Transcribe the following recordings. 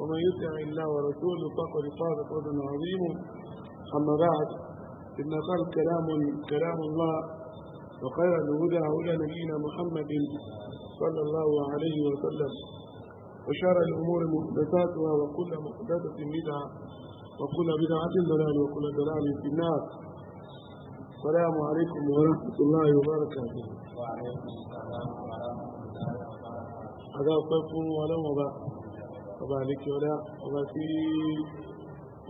ومن يطع الله ورسوله فقد فاز فوزا عظيما أما بعد إن قال كلام كلام الله وخير الهدى هدى نبينا محمد صلى الله عليه وسلم وشر الأمور محدثاتها وكل محدثة بدعة وكل بدعة ضلال وكل ضلال في النار السلام عليكم ورحمة الله وبركاته وعليكم السلام ورحمة الله وبركاته هذا صف ولا وبركاته ọba àlékí ọlá ọba tí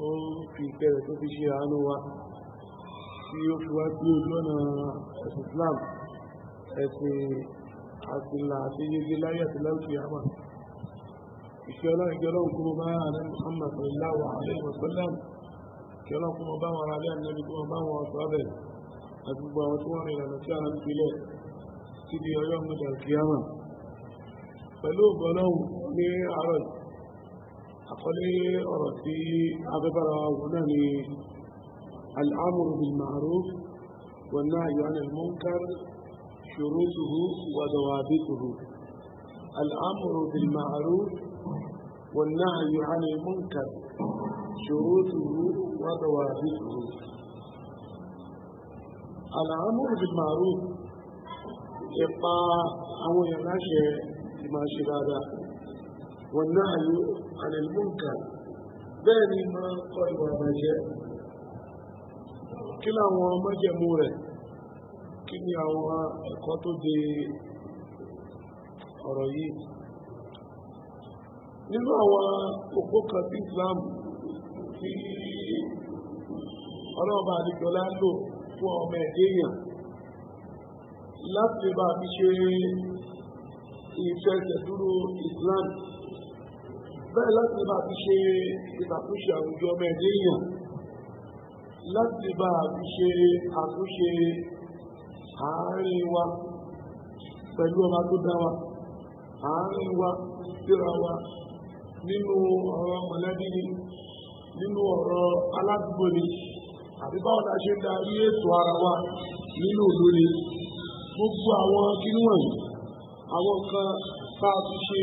ó ń fi ìkẹrẹ tó fi ṣe àánú wa tí ó fi wá sí ojú ọ̀nà ẹ̀sìn Islam ẹ̀sìn àtìlà àti yege láyé àti láwùjọ àmà ìṣẹ́ ọlá ìjọ ọlọ́run kúrò bá ààrẹ Muhammad sallallahu alaihi wasallam kí ọlọ́run kúrò bá wọn alẹ́ ànẹ́bí kúrò bá àti gbogbo pẹ̀lú ògbọ́lọ́hùn ní àárọ̀ أقولي أردي أغبر أغنني الأمر بالمعروف والنهي عن المنكر شروطه وضوابطه الأمر بالمعروف والنهي عن المنكر شروطه وضوابطه الأمر بالمعروف يبقى أمو يناشي ما شراده والنهي عن المنكر بني ما قرب ما جاء كلا وما جمورة كني وما القطو دي أرأيي nínú àwọn òpó kan tí Islam tí ọlọ́ọ̀bá àdìjọlá lò fún ọmọ ẹ̀dẹ́yàn láti bá fi ṣe ìfẹsẹ̀dúró Islam bẹ́ẹ̀ láti bá fi ṣe ìtàkùnṣe àwùjọ ọmọ ẹ̀dẹ́ èèyàn láti bá fi ṣe àtúnṣe àárín wa pẹ̀lú ọba tó dá wa àárín wa síra wa nínú ọ̀rọ̀ mọ̀lẹ́bí ni nínú ọ̀rọ̀ aládùúgbò ni àbí báwo la ṣe ń darí ètò ara wa nínú ìlú ni gbogbo àwọn kí wọ̀nyí àwọn kan tá a ti ṣe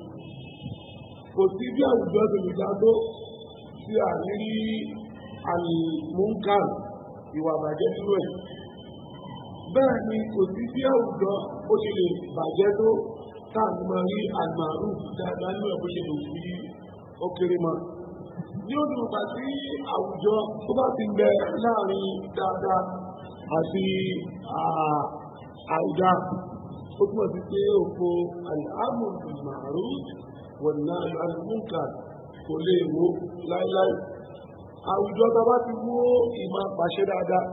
kò sí bí àwùjọ ti lè dágbó tí a ní rí àlùmúǹkàn ìwà bàjẹ́ nínú ẹ̀ bẹ́ẹ̀ ni kò sí bí àwùjọ ó ṣe lè bàjẹ́ tó táàmù máa rí àmàrù dáadáa nínú ẹ̀ bó ṣe lè fi ó kéré mọ́ ní ó dùn bá sí àwùjọ tó bá ti bẹ láàrin dáadáa àti àìdá ó túmọ̀ sí pé òfo àlùmúǹkàn والنهي عن المنكر kò lè wó láíláí àwùjọ bàbá ti wó ìmọ̀ pàṣẹ dáadáa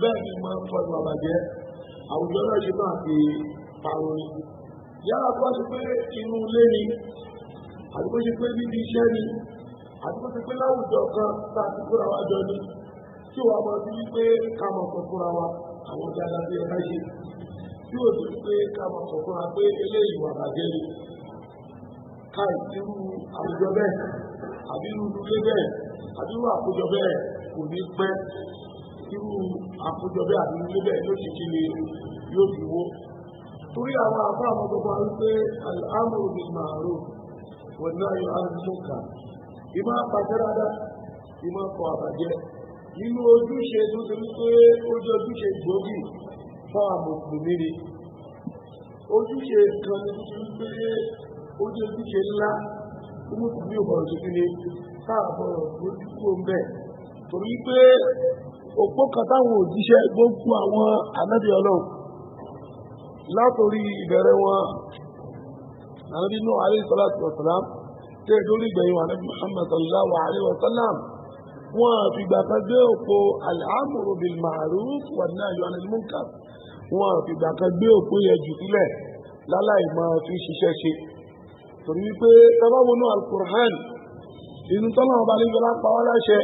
bẹ́ẹ̀ ni máa ń fọdún àbàjẹ́ àwùjọ náà ṣe máa fi parun ni yálà kó ṣe pé inú ilé ni àdúgbò ṣe pé níbi iṣẹ́ ni àdúgbò ṣe pé láwùjọ kan tá a ti kóra wa jọ ni tí wàá máa fi wípé ká máa kọ fúnra wa àwọn dáadáa bí ẹ ṣe tí ò sí wípé ká máa kọ fúnra pé eléyìí wà bàjẹ́ ni. káì irú àwùjọ bẹ́ẹ̀ àbí irú ilé bẹ́ẹ̀ àbí irú àkójọ bẹ́ẹ̀ kò ní pẹ́ irú àkójọ bẹ́ẹ̀ àbí ilé bẹ́ẹ̀ ló ti kiri yóò fi wó. torí àwọn àbá àwọn gbogbo àwọn pé al-amru bil ma'ruf wan nahyu 'anil munkar ìmọ̀ àpàtẹ́ dáadáa kọ ojúṣe tó ti ó ojúṣe gbòógì kan ní ó jẹ́ ojúṣe ńlá tí mo sì ní ọ̀bọ̀rọ̀ tuntun ni káàbọ̀rọ̀ lójú kúrò ń bẹ̀ torí pé òpó kan táwọn òjíṣẹ́ gbogbo àwọn ànábì ọlọ́run látòrí ìbẹ̀rẹ̀ wọn ànábì Nuh alayhi salatu wa salam tẹ́ lórí ìgbẹ̀yìn wọn ànábì Muhammad sallallahu alayhi wa sallam wọn fìgbà kan gbé òpó al-amru bil ma'ruf wan-nahyu 'anil munkar wọn fìgbà kan gbé òpó yẹn jù sílẹ̀ láláì máa fi ṣiṣẹ́ ṣe torí wípé tábàbọnú alukur'an inú tọ́lá ọba nígbàlá pa wá láṣẹ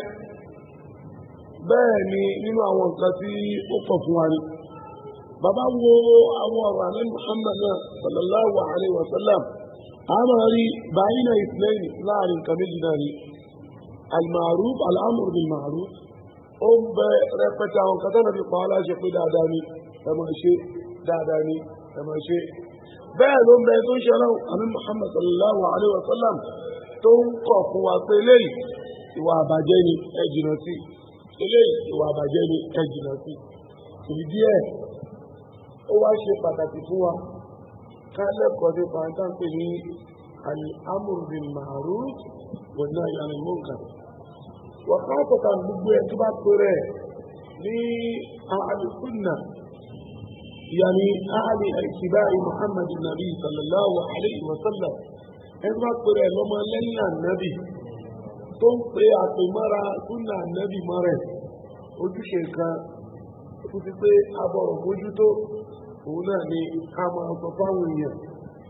bẹ́ẹ̀ ni nínú àwọn nǹkan tí ó kọ̀ fún wa ni bàbá wo àwọn ọ̀rọ̀ àlẹ́ muhammad náà sallallahu alayhi wa sallam àmà rí báyìí náà ìsìlẹ́yìn láàrin nǹkan méjì náà ni almaruf al'amur bil maruf ó ń bẹ rẹpẹtẹ àwọn kan tánà fi pa wá láṣẹ pé dáadáa ni ẹ máa ṣe dáadáa ni ẹ máa ṣe bẹ́ẹ̀ ló ń bẹ tó ń ṣe àmì Muhammad sallallahu alayhi wa sallam tó ń kọ̀ fún wa pé ìwà àbàjẹ́ ni ẹ jìnà sí eléyìí ìwà àbàjẹ́ ni ẹ jìnà sí ìdí ẹ̀ ó wá ṣe pàtàkì fún wa ká lẹ́kọ̀ọ́ nípa táǹpẹ̀ ní al-amru bil ma'ruf wan nahy wọ́n gbogbo ẹ̀ tó bá ní àlùkùnà يعني أهل اتباع محمد النبي صلى الله عليه وسلم ẹgbà pèrè lọ́mọ lẹ́yìn ànábì tó ń pè àtòmára súnà ànábì mọ́rẹ̀ ojúṣe kan tó ti pé abọ̀rọ̀ mójútó òun náà ni ká máa sọ fáwọn èèyàn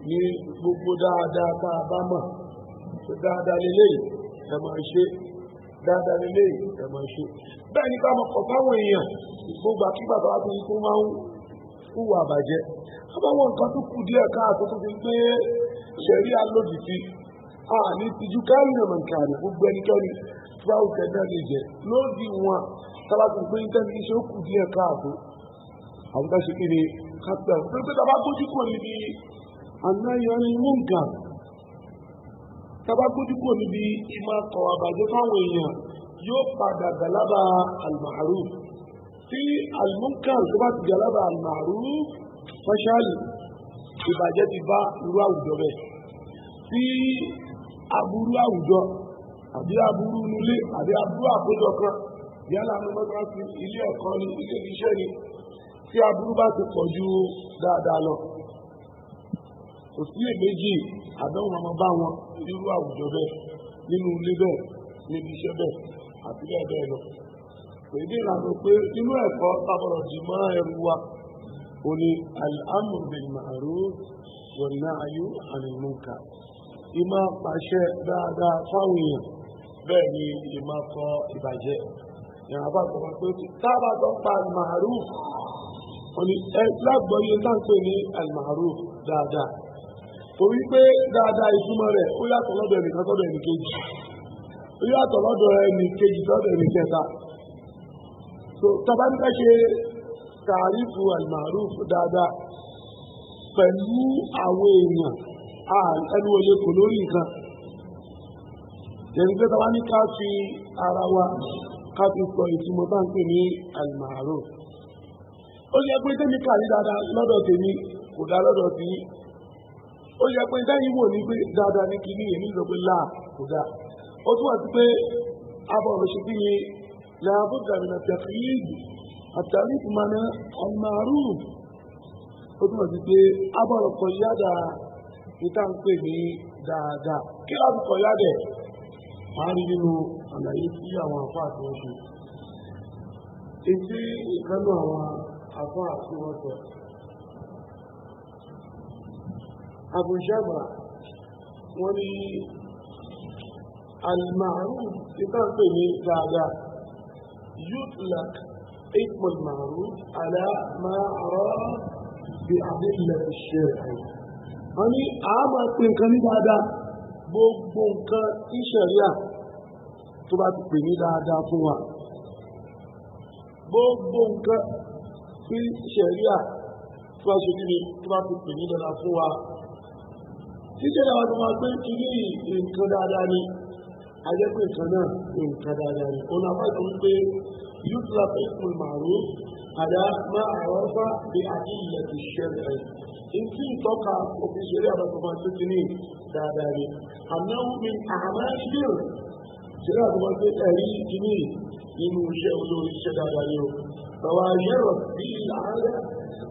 ní gbogbo dáadáa tá a bá mọ̀ dáadáa lélẹ́yìn ẹ máa ṣe dáadáa lélẹ́yìn ẹ máa ṣe bẹ́ẹ̀ ni ká máa kọ̀ fáwọn èèyàn gbogbo àkígbà tó wá tó ń tó máa ń hùwà àbàjẹ́ àbáwọn nǹkan tó kù díẹ̀ káàtó tó fi gbé ṣẹ̀rí alódì sí a ní tìjú káàrí nàmà nkàrí gbogbo ẹnikẹ́ni tíwáwù tẹ̀lé lè jẹ lóòdì wọn tábàtì pé ní tẹ́lẹ̀ iṣẹ́ ó kù díẹ̀ káàtó àwọn ká ṣe kí ni kápẹ́ àwọn pé tàbá gbójú kò níbi anáyọ̀ ní múǹkà tàbá gbójú kò níbi ìmọ̀ àkọ́ àbàjẹ́ fáwọn èèyàn yóò padà gàlábà al-ma'ruf tí alimunkar tó bá ti galaba alimaru fashali ìbàjẹ́ ti bá irú àwùjọ bẹ́ẹ̀ tí aburú àwùjọ àbí aburú nílé àbí aburú àkójọ kan yálà mọ́mọ́ká sí ilé ẹ̀kọ́ ní ilé iṣẹ́ ni tí aburú bá ti pọ̀ ju dáadáa lọ kò sí èméjì àdánwò ọmọ bá wọn irú àwùjọ bẹ́ẹ̀ nínú ilé bẹ́ẹ̀ níbi iṣẹ́ bẹ́ẹ̀ àti bẹ́ẹ̀ bẹ́ẹ̀ lọ èdè ìlànà pé inú ẹ̀kọ́ tábọ̀rọ̀ jì mọ́ ẹrù wa ó ní al-amru bil ma'ruf wan nahyu 'anil munkar ìmọ̀ pàṣẹ dáadáa fáwọn èèyàn bẹ́ẹ̀ ni ìmọ̀ kọ ìbàjẹ́ ìyàrá bá sọ pé tábà tó pa al-ma'ruf torí pé dáadáa ìtumọ̀ rẹ̀ ó yàtọ̀ lọ́dọ̀ ẹnìkan sọ́dọ̀ ó yàtọ̀ lọ́dọ̀ ẹnìkejì sọ́dọ̀ tó tọ́ba nípa ṣe tààrífù àlùmárùfù dáadáa pẹ̀lú àwọn èèyàn ẹnu òye kò lórí nǹkan yẹnìgbé tọ́ba ní ara wa ká fi sọ ìtumọ̀ ní ó yẹ pé tẹ́mi dáadáa lọ́dọ̀ tèmi kò dá lọ́dọ̀ ó yẹ pé dáyìí wò ní pé dáadáa ní kíní èmi lọ لا بد من التقييد التعريف معنى المعروف ó túmọ̀ sí pé a bọ̀rọ̀ kọ yáda níta ń pè ní dáadáa kí láti kọ yádẹ̀ a rí nínú àlàyé tí àwọn àfá àti wọn ṣe ètí ìkánú àwọn يطلق اسم المعروف على ما عرف بأدلة الشرع يعني أما تنكن بعد gbogbo nǹkan tí ṣẹ̀ríà tó bá ti pè ní dáadáa fún wa gbogbo nǹkan tí ṣẹ̀ríà tó bá ṣe níbi tó bá ti pè ní dáadáa fún wa tí ṣẹ̀ríà wa tó máa gbé kí nǹkan dáadáa ni ajẹ́pẹ́ nǹkan náà nǹkan dáadáa ni ọ̀nà àbájọ wípé yúdúlá pẹ̀lú màrú àdá máa àwọ́fà bí àdílẹ̀ ti ṣẹlẹ̀ ìtí ìtọ́ka òfin ṣeré àbáfọ́fà tó ti ní dáadáa ni àmọ́ mi àmọ́ ìdíl ṣeré àbáfọ́fà tó ẹ̀rí ti ní nínú iṣẹ́ olórí iṣẹ́ dáadáa ni o bàbá yẹ̀rọ bí àárẹ̀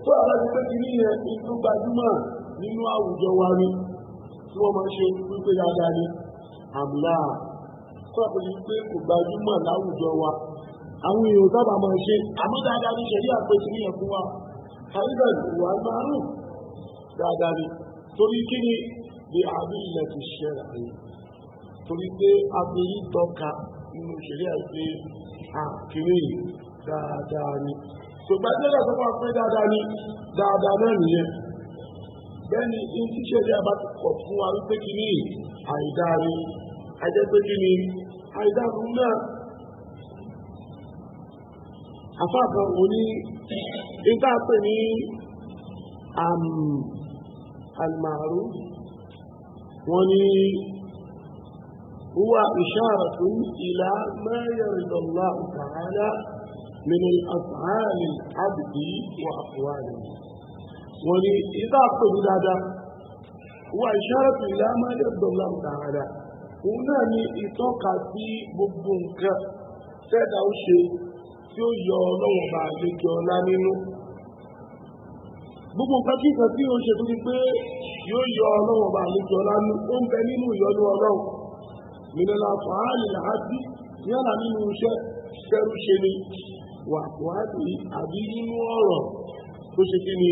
tó àárẹ̀ tó ti ní yẹn gbajúmọ̀ nínú àwùjọ wa ni tí wọ́n máa ṣe wípé dáadáa ni àmúláà sọ́ọ̀bù yìí pé kò gbajúmọ̀ láwùjọ wa àwọn èèyàn sábà máa ṣe àmọ́ dáadáa ní ṣẹ̀rí àpèjì ní ẹ̀kún wa àríbẹ̀ ìwà máa rùn dáadáa ni torí kí ni bí àbí ilẹ̀ ti ṣe ràyè torí pé abẹ́yí tọ́ka nínú ṣẹ̀rí àìpé àkèrè dáadáa ni tògbàjẹ́lẹ̀ tó máa pẹ́ dáadáa ni dáadáa náà nìyẹn bẹ́ẹ̀ni in ti ṣẹ̀rí àbá ti kọ̀ fún wa wípé kí ni àìdáa ni ajẹ́ pé kí ni àìdáàbò náà afáàfà òun ní ìgbà pè ní àmàrú wọ́n ní هو إشارة إلى ما يرد الله تعالى من الأفعال العبد وأقواله وإذا قلت هذا هو إشارة إلى ما يرد الله تعالى òun náà ni ìtọ́ka sí gbogbo nǹkan tẹ́ẹ̀dá ó ṣe tí ó yọ ọlọ́wọ̀n bá àlejò ọlá gbogbo nǹkan kí nǹkan tí ó ṣe tó ti pé yóò yọ ọlọ́wọ̀n bá àlejò ọlá nínú ó ń bẹ nínú ìyọnu ọlọ́run mìnira fàáàlì làábí yálà nínú iṣẹ́ ṣe ni wà àbí nínú ọ̀rọ̀ tó ṣe kí ni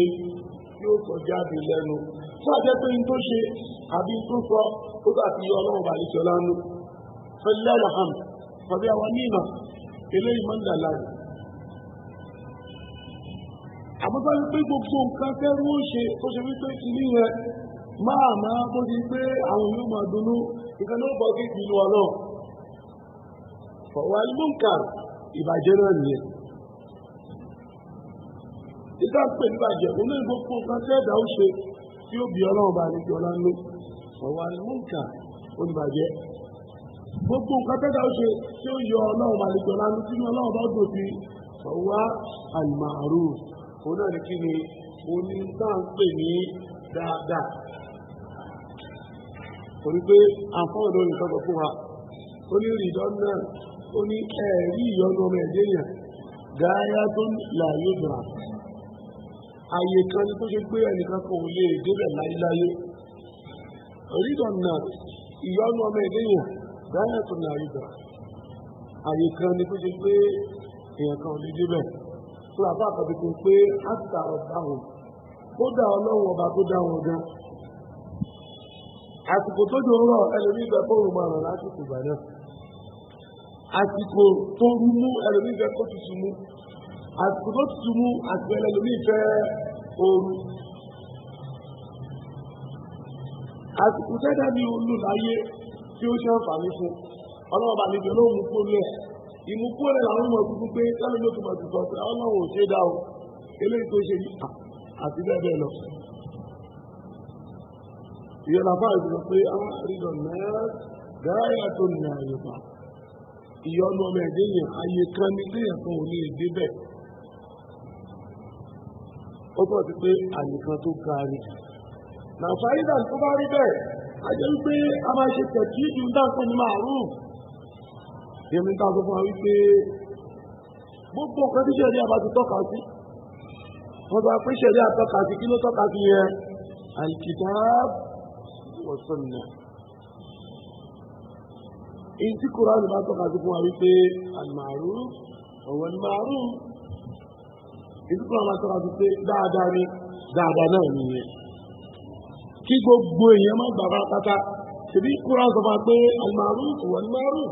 yóò àbí lẹ́nu fún àjẹpẹ́yìn tó ṣe àbí tó sọ ó bá ti yọ ọlọ́run bá ìṣọ́ lánú fẹ́lẹ́lẹ̀ hàn tàbí àwọn mímọ̀ eléyìí mọ́ nílà láàyè àbúgbà wípé gbogbo nǹkan fẹ́rú ó ṣe ó ṣe wípé ìlú rẹ máa máa bó ti pé àwọn yóò máa dunnú nǹkan ló bọ́ kéèkì ìlú ọlọ́run fọwọ́ alúmọ̀ǹkà ìbàjẹ́ náà nìyẹn ìdáǹpẹ̀ níbàjẹ́ olóyìnbó fún nǹkan tẹ́ẹ̀dá ó ṣe tí ó bí ọlọ́run bá ní jọlá lókè ọ̀wà lóǹkà olùbàjẹ́ gbogbo nǹkan tẹ́ta ó ṣe tí ó yọ ọlọ́run àlejò lánú tí ní ọlọ́run bá dùn sí ọ̀wà àlùmàrú òun náà ní kí ni oní náà ń pè ní dáadáa torí pé àfọ́n olórin sọ́kọ̀ fún wa ó ní ìrìndọ́ náà ó ní ẹ̀rí ìyọnu ọmọ ẹ̀dẹ́ yẹn gáyá tó láyé gbà àyè kan ni tó ṣe pé ẹnìkan kò lè débẹ̀ láyéláyé rídọ̀ náà ìyọnu ọmọ ènìyàn dáyà tó náà rídọ̀ àyè kan ni tó ṣe pé èèyàn kan ò ní débẹ̀ tó àbá àkọ́bí tó pé àtà ọ̀dà wọn ó dá ọlọ́run ọba tó dá wọn gan àsìkò tó jò ń rọ ẹlòmí ìfẹ́ fóònù máa rọ̀ lásìkò ìgbà náà àsìkò tó rú mú ẹlòmí ìfẹ́ kó tutù mú àsìkò tó tutù mú àti ẹlòmí ìfẹ́ ooru àsìkò tẹ́tẹ́ ní olú láyé tí ó ṣe àǹfààní fún ọlọ́wọ́ bá níbi olóhùn mú kúrò lẹ̀ ìmúkú rẹ̀ làwọn ọmọ tuntun pé sẹ́nu ló tún máa tutù ọ̀sẹ̀ àwọn ò ṣe dá o eléyìí tó ṣe yìí àti bẹ́ẹ̀ bẹ́ẹ̀ lọ. ìyẹn làbá ìdùnnú pé àwọn àrídọ̀ náà gáyà tó nà àyùbá ìyọnu ọmọ ẹ̀dẹ́ yẹn ayé kan ní téèyàn kan ò ní èdè bẹ́ẹ̀. ó bọ̀ sí pé àyè kan tó ga jù nàfàìdà tó bá rí bẹ́ẹ̀ àjẹ́ wípé a máa ṣe tẹ̀tí ìdùn dáńpẹ́ ní màrú èmi ń dáàbò fún wa wípé gbogbo ọ̀kan tí ṣẹ̀rí àbá ti tọ́ka sí wọ́n bá pín ṣẹ̀rí àtọ́ka sí kí ló tọ́ka sí yẹn alkitab wa sunnah èyí tí kúránì bá tọ́ka sí fún wa wípé àmàrú ọ̀wọ́ ni màrú èyí tí kúránì bá tọ́ka sí pé dáadáa ni dáadáa náà nìyẹn kí gbogbo èèyàn má gbà tata ṣèbí kúrò sọ fún pé almaruf wà ní maruf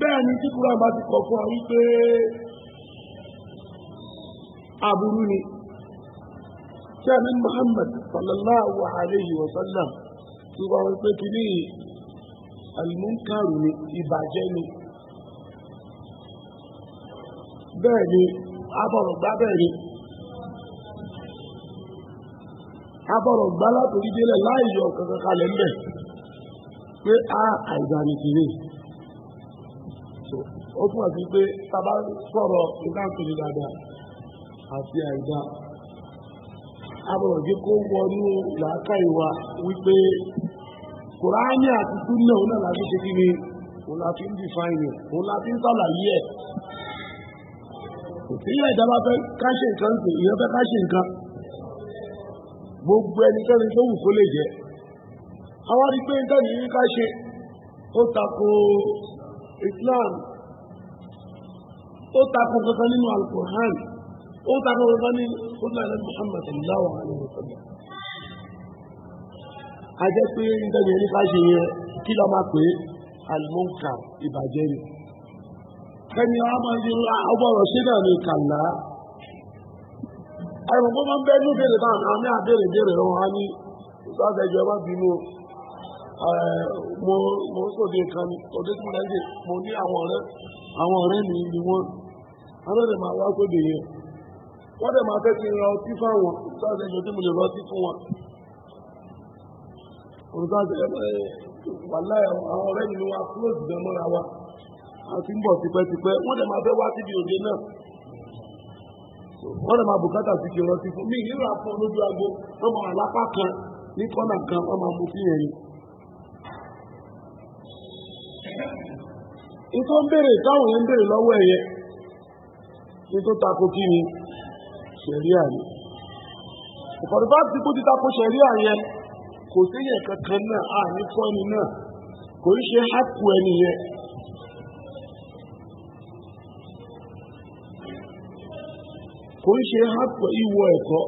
bẹ́ẹ̀ ni tí kúrò bá ti kọ̀ fún ọ wípé aburú ni sẹ́ni muhammad sallallahu alayhi wa sallam tí wọ́n wọ́n pé kìíní almunkaru ni ìbàjẹ́ ni bẹ́ẹ̀ ni abọ̀rọ̀gbá bẹ́ẹ̀ ni abọ̀rọ̀ gbá látòrí délẹ̀ láìyọ kankan kalẹ̀ a àìdáni kiri ó túnmọ̀ sí pé tàbá sọ̀rọ̀ ìdáǹkiri dáadáa àti àìdá abọ̀rọ̀ jẹ́ kó wọnú làákà ìwà wípé kùránì àti túnlẹ̀ òun náà láti gbogbo ẹnikẹ́ni tó wù kó lè jẹ́ àwọn àti pé nítẹ́ni yìí ká ṣe ó tako Islam ó tako kankan nínú Al-Qur'an ó tako kankan ní kúlẹ̀ Muhammad sallallahu alaihi wa sallam a yìí ká ṣe yẹn kí lọ́ máa pè é al ìbàjẹ́ ni kẹ́ni àwọn máa ń ṣe ọgbọ́rọ̀ sí náà ní kàlá ẹ̀rùn kó máa ń bẹ́ ní ìbéèrè náà náà ní àbẹ̀rẹ̀ ìbéèrè lọ́wọ́ á ní ìsáàsẹ̀ ìjọ bá bínú mo sòdì nǹkan ni tọ́jú tí mo rẹ̀ ń dè mo ní àwọn ọ̀rẹ́ àwọn ọ̀rẹ́ mi ni wọ́n alọ́dẹ̀ máa wá sóde yẹn wọ́n dẹ̀ máa fẹ́ kí n ra ọtí fáwọn ìsáàsẹ̀ ìjọ tí mo lè rọtí fún wọn. olùsáàsẹ̀ wàhálà àwọn ọ̀rẹ́ mi ni wọ́n á kúrò jùlọ mọ́ra wa àti ń bọ̀ tipẹ́tipẹ́ wọ́n dẹ̀ máa fẹ́ wá síbi òde náà wọ́n lè máa bùkátà sí kí rántí fún mi nínú àpọ̀ lójú agbo wọ́n máa lápá kan ní kọ́nà kan wọ́n máa mú sí yẹn ni. nítorí ń béèrè táwọn yẹn ń béèrè lọ́wọ́ ẹ̀yẹ nítorí tako kí ni ṣẹ̀rí àyè. ìkọ̀dù bá ti kó ti tako ṣẹ̀rí àyè kò sí yẹn kankan náà àní fọ́ni náà kò ń ṣe hákù ẹni yẹn. kò ń ṣe hapò ìwọ ẹ̀kọ́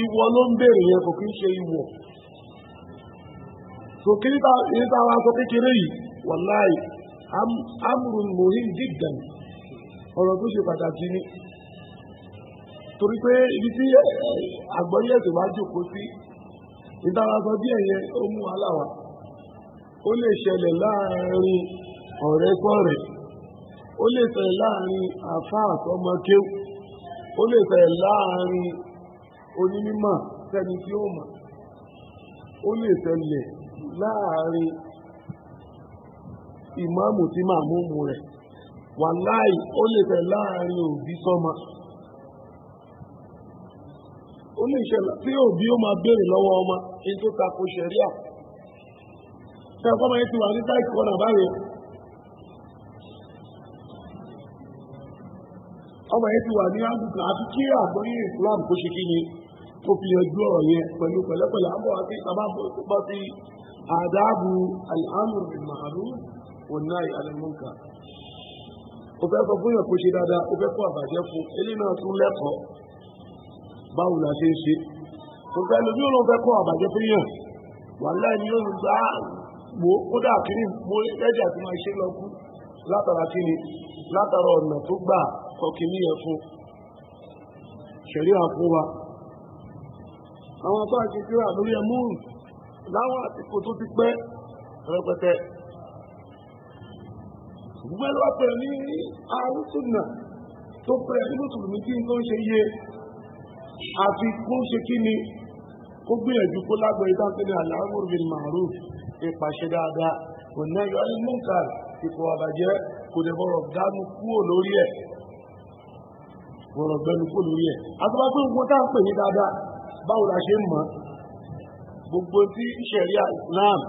ìwọ ló ń béèrè yẹn kò kí ń ṣe ìwọ so kiri ta yìí ta wa sọ kékeré yìí wàláì ọ̀rọ̀ tó ṣe pàtàkì ni torí pé ibi tí àgbọ̀yé ẹ̀sìn wá jòkó sí sọ díẹ̀ yẹn ó mú aláwa ó lè ó lè fẹ́ láàrin onímọ̀ sẹ́ni tí ó mọ̀ ó lè ṣẹlẹ̀ láàrin ìmáàmù tí mumu rẹ̀ wàláì ó lè fẹ́ láàrin òbí sọ́mọ ó lè ṣẹlẹ̀ tí òbí ó máa béèrè lọ́wọ́ ọmọ in tó ṣẹ̀ríà ṣe ọkọ́ máa ń ti wà ní báyìí ọmọ yẹn ti wà ní áfíríkà àti kí àgbọ́yé Islam kó ṣe kí ni tó fi yanjú ọ̀rọ̀ yẹn pẹ̀lú pẹ̀lẹ́pẹ̀lẹ́ àbọ̀ àti ìtàbá fi àdáàbù al-amru bil ma'ruf wan nahy 'anil munkar o fẹ́ sọ fún yàn kó ṣe dáadáa o fẹ́ kó àbàjẹ́ fún eléyìí náà tún lẹ́kọ̀ọ́ báwo la ṣe ń ṣe kò fẹ́ lójú òun fẹ́ kó àbàjẹ́ fún yàn wà láì ní òun gbá kọkìní yẹn fún ṣẹ̀ríà fún wa àwọn tó àti kíra lórí ẹmúrù láwọn àsìkò tó ti pẹ́ rẹpẹtẹ gbogbo ẹlọ́wà pẹ̀ ní àrùsùnà tó pẹ̀ ní mùsùlùmí kí n tó ń ṣe yé àti kó ṣe kí ni kó gbìyànjú kó lágbẹ̀ẹ́ ìdáǹtẹ́lẹ̀ àlàáfíà bil ma'ruf ìpàṣẹ dáadáa kò náà yọ ẹni mú nǹkan ìkọ̀ àbàjẹ́ kò dẹ̀ bọ̀rọ̀ dánú kúrò lórí ẹ̀ gbọ́rọ̀ gbẹ́nu kó lórí ẹ̀ àtúbá pé gbogbo tá ń pè ní dáadáa báwo la ṣe ń mọ̀ gbogbo tí ṣẹ̀ríà Islam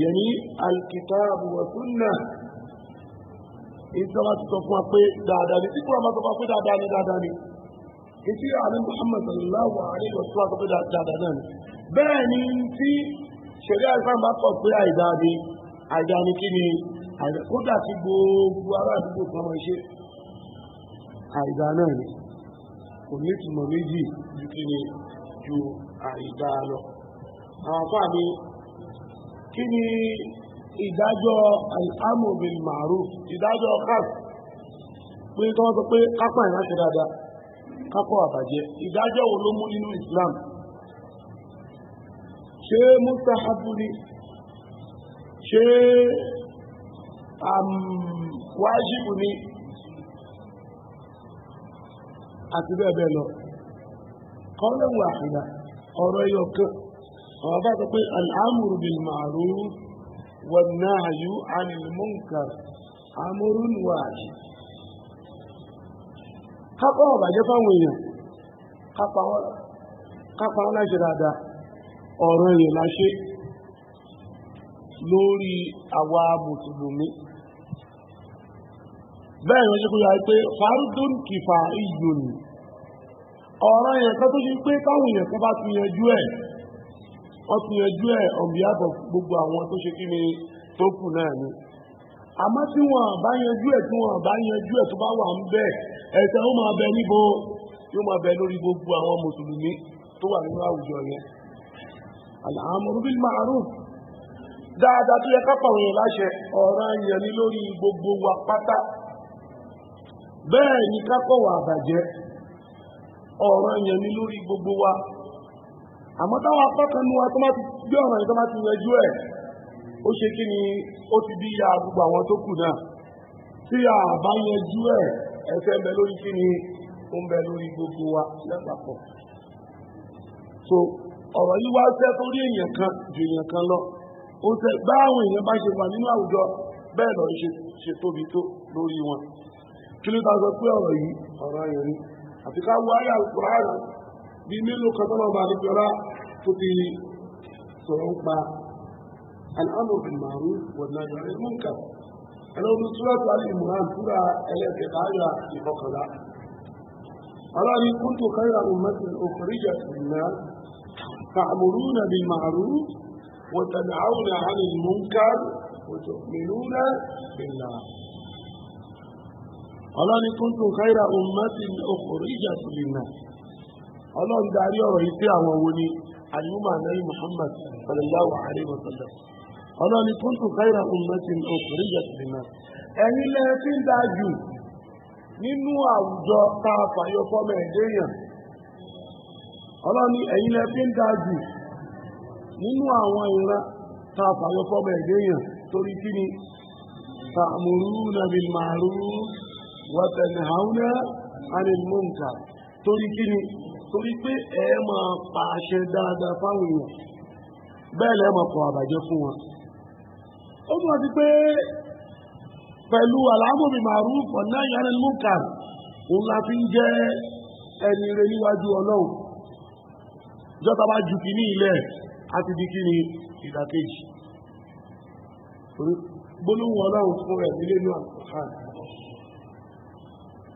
yẹ̀ní alkitabu wa sunna ìjọba ti sọ fún wa pé dáadáa ni tí kúrò máa sọ fún wa pé dáadáa ni dáadáa ni ìtí àní Muhammad sallallahu alaihi wa sallam sọ pé dáadáa náà ni bẹ́ẹ̀ ni tí ṣẹ̀ríà Islam bá kọ̀ pé àìdáa ni àìdáa ni kí ni àìdáa kódà sí gbogbo ará àdúgbò kan máa ṣe àìdá náà ni kò ní ìtumọ̀ méjì ju kí ni ju àìdá lọ àwọn afá mi kí ni ìdájọ́ al-amru ìdájọ́ kaf pé tó wọ́n sọ pé kápá ìrántí dáadáa àbàjẹ́ ìdájọ́ wo ló mú nínú ni ṣé um, wájibu ni àti bẹ́ẹ̀ bẹ́ẹ̀ lọ kọ́lẹ̀ wàhídà ọ̀rọ̀ ẹyọ kan àwọn bá sọ pé al'amuru bil ma'ruf wan nahyu 'anil munkar amrun wahid kápá ọ̀bàjẹ́ fáwọn èèyàn kápá wọn láṣẹ dáadáa ọ̀rọ̀ ẹ̀yẹ̀ láṣẹ lórí àwa mùsùlùmí bẹ́ẹ̀ yóò ṣe kó yára pé fàárùdún kìfà ìyòlù ọ̀rọ̀ yẹn kan tó ṣe pé táwọn èèyàn bá ti yanjú ẹ̀ wọ́n ti yanjú ẹ̀ ọ̀bíyàbọ̀ gbogbo àwọn tó ṣe kí ni tó kù náà ni àmọ́ tí wọ́n bá yanjú ẹ̀ tí wọ́n bá yanjú ẹ̀ tó bá wà ń bẹ̀ ẹ̀sẹ̀ ó máa bẹ níbo yóò máa bẹ lórí gbogbo àwọn mùsùlùmí tó wà nínú àwùjọ yẹn al-amru ma'ruf dáadáa tó yẹ ká pàwọn èèyàn láṣẹ ọ̀ràn yẹn ni lórí gbogbo wa pátá bẹ́ẹ̀ ni wà àbàjẹ́ ọ̀rọ̀ yẹn ni lórí gbogbo wa àmọ́ táwọn apákanú wa tó má ti gbé ọ̀rọ̀ yẹn tó má ti yanjú ẹ̀ ó ṣe kí ni ó ti bí ya gbogbo àwọn tó kù náà tí a bá yanjú ẹ̀ ẹ̀fẹ́ ń bẹ lórí kí ni ó ń bẹ lórí gbogbo wa lápapọ̀ so ọ̀rọ̀ yìí wá ṣẹ́ tó rí èèyàn kan ju èèyàn kan lọ ó ṣe báwọn èèyàn bá ṣe wà nínú àwùjọ bẹ́ẹ̀ lọ ṣe tóbi tó lórí wọn كلي تاسو کوي حتي کا القران دي ملو کتنو باندې پرا فتي الامر بالمعروف والنهي عن المنكر انا من سوره ال عمران سورة الايه في بقره قال كنت خير امه اخرجت للناس تعملون بالمعروف وتنهون عن المنكر وتؤمنون بالله ọlọ́ni kuntum khayra ummatin ukhrijat linnas ọlọ́run darí ọ̀rọ̀ yìí sí àwọn wo ni àlùmọ́ àlẹ́yìn Muhammad sallallahu alayhi wa sallam ọlọ́ni kuntum khayra ummatin ukhrijat linnas ẹ̀yin lẹ́ẹ̀fín dájú nínú àwùjọ tá a fàyọ fọ́mọ ẹ̀dẹ́yàn ọlọ́ni ẹ̀yin lẹ́ẹ̀fín dájú nínú àwọn ìran tá a fàyọ fọ́mọ ẹ̀dẹ́yàn torí kí ni ta'muruna wàtẹ̀nìhàúnà àrẹ̀mọ́ǹkà torí kíni torí pé ẹ máa pa àṣẹ dáadáa fáwọn èèyàn bẹ́ẹ̀ lẹ́ máa kọ̀ àbàjẹ́ fún wọn ó mọ̀ sí pé pẹ̀lú àlámọ̀bì màrú ọ̀nà ìyàrẹ̀mọ́ǹkà òun la fi ń jẹ́ ẹni rẹ níwájú ọlọ́run jọta bá ju kìíní ilẹ̀ àti di kíni ìdàkejì gbólóhùn ọlọ́run fún ẹ̀ nílé náà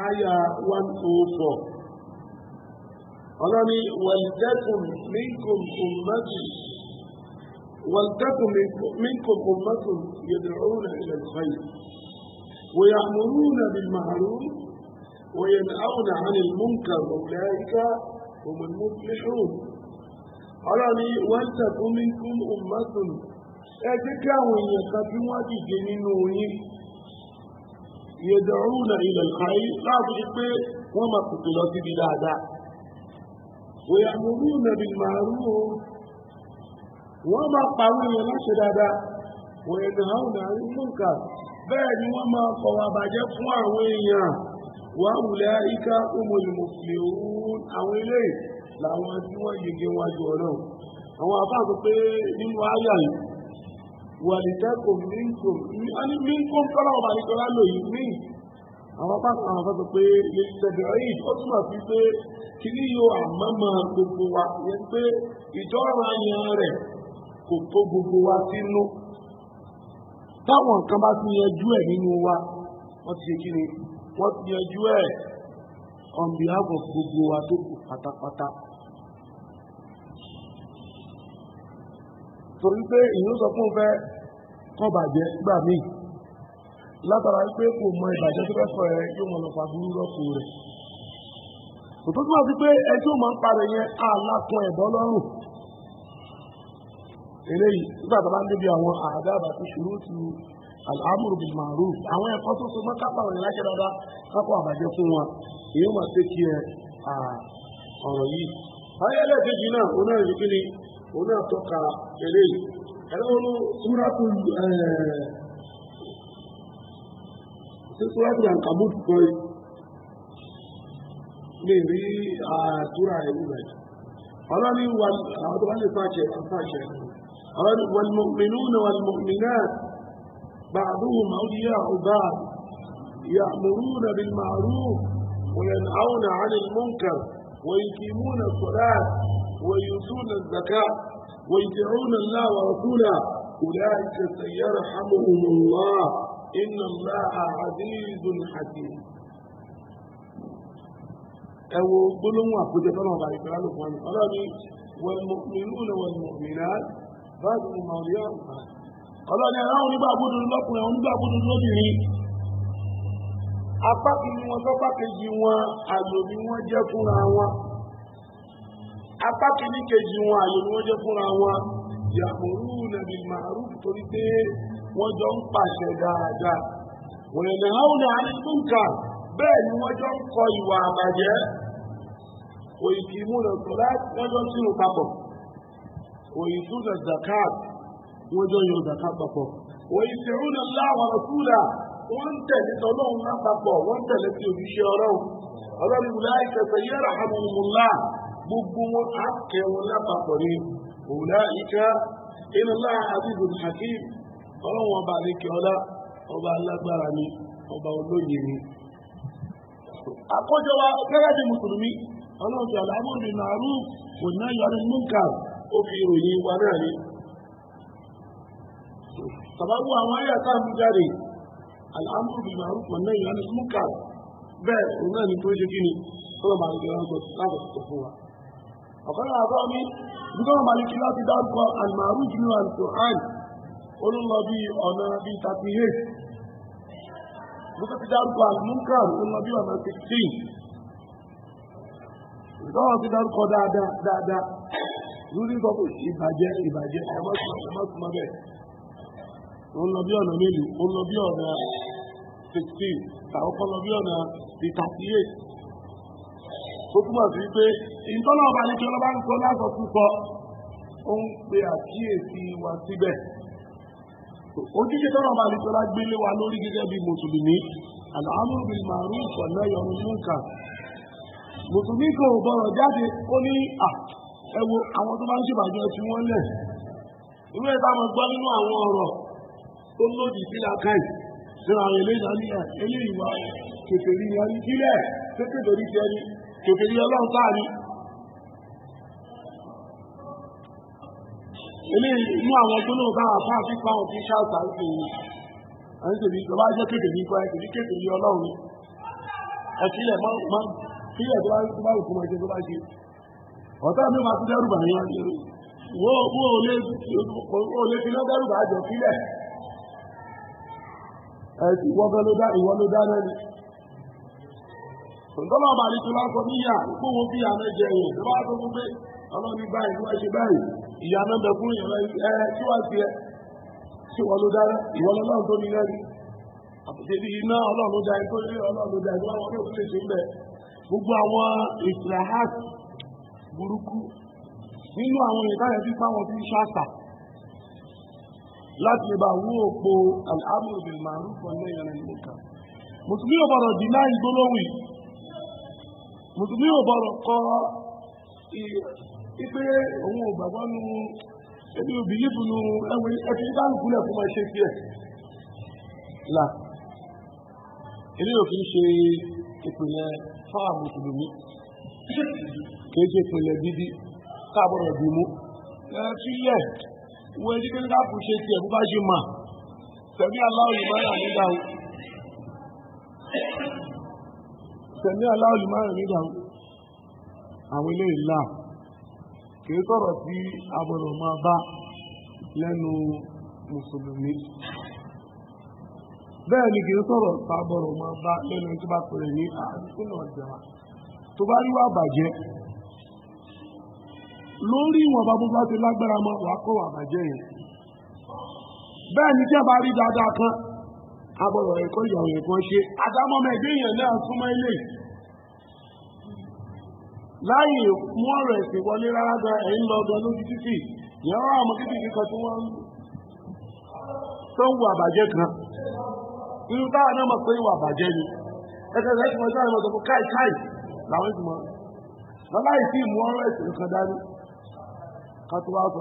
àyà 104 ọlọ́ni wàlítẹ́kùn minkum ummatun wàlítẹ́kùn minkum ummatun yad'una ila al-khayr ويأمرون بالمعروف وينهون عن المنكر أولئك هم المفلحون ọlọ́ni wọ́n tẹ̀kún minkum ummatun ẹ jẹ́ kí àwọn èèyàn kan bí wọ́n dìde nínú yín yẹ̀dọ̀rúnà ilẹ̀ ìkàrí láàbí pé wọ́n máa kùtù lọ síbi dáadáa ويأمرون بالمعروف وما قوي لشد هذا وينهون عن المنكر بل وما صواب جفوا ويا وأولئك هم المفلحون أو إليه لو أنتم يجوا جولون أو أبعد نínú àyà yìí wàlìtẹ́kùn mínkùn a ní mínkùn kọ́lá ọba àríkọ́lá lò yìí mí àwọn pàtàkì àwọn afẹ́fẹ́ pé lè tẹ̀lé ọ̀yìn ó túmọ̀ sí pé kí ní yóò àmọ́mọ́ gbogbo wa yẹn pé ìjọra yan rẹ̀ kò tó gbogbo wa sínú táwọn nǹkan bá ti yanjú ẹ̀ nínú wa wọ́n ti ṣe kí ni wọ́n ti yanjú ẹ̀ on behalf of gbogbo wa tó kù pátápátá. torí pé ìyóò sọ fún un fẹ́ kọ́ bàjẹ́ gbà míì látara pé kò mọ ìbàjẹ́ tó fẹ́ sọ ẹ̀ yóò mọ̀ lọ fàbúrú rọ́pò rẹ̀ òtó tó wà pé ẹjọ́ máa ń parẹ̀ yẹn alákun ẹ̀bọ́ lọ́rùn eléyìí nígbà tó bá ń débi àwọn àdáàbà tó ṣòro tu àwọn ẹ̀kọ́ tó so mọ́ kápá dáadáa kápá àbàjẹ́ fún èyí máa ṣe kí ẹ ọ̀rọ̀ yìí. náà òun náà سورة آه، سورة عن طيب. آه، سورة عن قبول وال هذا والمؤمنون والمؤمنات بعضهم أولياء بعض يأمرون بالمعروف وينهون عن المنكر ويقيمون الصلاة ويؤتون الزكاة ويدعون الله ورسوله أولئك سيرحمهم الله إن الله عزيز حكيم ẹwọ gbólóhùn àkójọ tọ́nà ọba ìgbàlá ló fún ọlọ́ ni wẹ̀lmọ̀mìnúnà wẹ̀lmọ̀mìnà báyìí ni màríà ọlọ́ ni aláwọn onígbà gbódò lọ́kùnrin àwọn onígbà gbódò lóbìnrin apá kìíní wọn tọ́pá kejì wọn àlò ni wọ́n jẹ́ fúnra wọn apá kìíní kejì wọn àyè ni jẹ́ fúnra wọn yàmùrú nàbí màrú torí pé wọ́n jọ ń pàṣẹ dáadáa wọ́n yẹn náà wọ́n náà ní bẹ́ẹ̀ ni wọ́n jọ ń kọ ìwà àbàjẹ́ òyìnbí múnà sọ̀rọ̀ wọ́n jọ sínú papọ̀ òyìnbí wọ́n jọ yọ zakat papọ̀ òyìnbí múnà láwọn rasúlà wọ́n wọ́n tẹ̀lé tí òbí ṣe ọlọ́run ìwúlẹ̀ gbogbo wọn á kẹwọn lápapọ̀ ní òwúlá ìka inú ọlọ́wọ́n ọba àlékè ọlá ọba alágbára ni ọba olóyè ni. àkójọ wa mùsùlùmí kò ná yọrí ó fi ọ̀kọ́lá àbọ́ mi nígbà wọn malikí láti dárúkọ àlùmárù jùlọ àlùkùrán olùlọ bí ọ̀nà bíi thirty eight nígbà tí dárúkọ àlùmùkàn olùlọ bí ọ̀nà sixteen nígbà wọn ti dárúkọ dáadáa dáadáa lórí ìgbọ́kọ̀ ìbàjẹ́ ìbàjẹ́ ẹ̀mọ́sùmọ́ bẹ́ẹ̀ olùlọ bí ọ̀nà mélòó olùlọ bí ọ̀nà sixteen tàwọn kọ́ lọ bí ọ̀nà thirty eight tó túmọ̀ sí pé ìtọ́lọ̀ ọba ní kí ọlọ́ba ń kọ lásọ púpọ̀ ó ń pe àkíyèsí wa síbẹ̀ ojúṣe tọ́lọ̀ ọba ní kí ọlá gbélé wa lórí gẹ́gẹ́ bí mùsùlùmí àlàámúrù bíi màrún ìfọ̀lẹ́ yọrùn múkà mùsùlùmí kò bọ̀rọ̀ jáde ó ní à ẹ wo àwọn tó bá ń ṣèbàjẹ́ fi wọ́n lẹ̀ irú ẹ̀ táwọn gbọ́ nínú àwọn ọ̀rọ̀ tó lòdì sí làkàì nínú àwọn eléyìí wa kèfèrí ni a eléyìí inú àwọn tó a bá àbá àti fáwọn tí ṣáàtà ń pè ní à ń tèmi tó bá jẹ́ kéde ní kọ́ ẹ kéde ní ọlọ́run ẹ sílẹ̀ mọ́ sílẹ̀ tó bá tó ọjọ́ tó bá ṣe ọ̀tá mi máa tún dẹ́rù bà yín wájú wo lè fi náà jọ sílẹ̀ ló ìyànà bẹ fún ìyànà ẹ tí wàá tiẹ̀ tí wọn ló dára ìwọ lọ́lọ́run tó ní lẹ́rìí àtẹ̀bí iná ọlọ́run ló dá ẹ tó lé ọlọ́run ló dá ẹ tó wà wọn ló lè ṣe ń bẹ gbogbo àwọn ìfìlàhàt burúkú nínú àwọn ìdáyẹ tí táwọn ti ń ṣàṣà láti lè bá wú òpó al-amru bil ma'ruf wan nahyi 'anil munkar mùsùlùmí ò bọ̀rọ̀ dì náà ìgbólóhùn mùsùlùmí ò bọ̀rọ̀ kọ́ wípé òun ò gbàgbọ́ nu ẹbí òbí yíbu nu ẹwẹ ẹbí báńkù lẹ̀ fún ma ṣe tiẹ̀ là èmi ò kì í ṣe ìpìlẹ̀ fáwọn mùsùlùmí kìí ṣe ìpìlẹ̀ gidi káàbọ̀rọ̀ dì mú ẹ fi yẹ wọ́n ẹni kékeré káàpù ṣe tiẹ̀ bó bá ṣe mà sẹ̀mí aláwọ̀ yìí máa ń rà nígbà wọn sẹ̀mí aláwọ̀ yìí máa ń rà nígbà wọn àwọn eléyìí láà kìí tọ̀rọ̀ tí a gbọ́dọ̀ máa bá lẹ́nu mùsùlùmí bẹ́ẹ̀ ni kìí sọ̀rọ̀ tá a gbọ́dọ̀ máa bá lẹ́nu tó bá pèrè ní àdúgbò ọ̀jọ̀ra tó bá rí wà bàjẹ́ lórí ìwọ̀n bá bóbá ti lágbára mọ́ wàá kọ́ wà bàjẹ́ yẹn bẹ́ẹ̀ ni tí a bá rí dáadáa kan a ẹ̀kọ́ ìyàwó ẹ̀kọ́ ṣe àdámọ́mọ́ ẹgbẹ́ yẹn náà súnmọ́ ilé láyé mú ọ̀rọ̀ ẹ̀sìn wọlé rárá gan ẹ̀yìn lọ gan lójú títì ìyẹn àwọn kan tí wọ́n tó ń wo àbàjẹ́ kan irú báwa náà mọ̀ pé ìwà ni ẹsẹ̀ rẹ̀ ti mọ̀ tó fún káì káì làwọn ìgbìmọ̀ lọ́lá ìsì mú ọ̀rọ̀ ẹ̀sìn dání sọ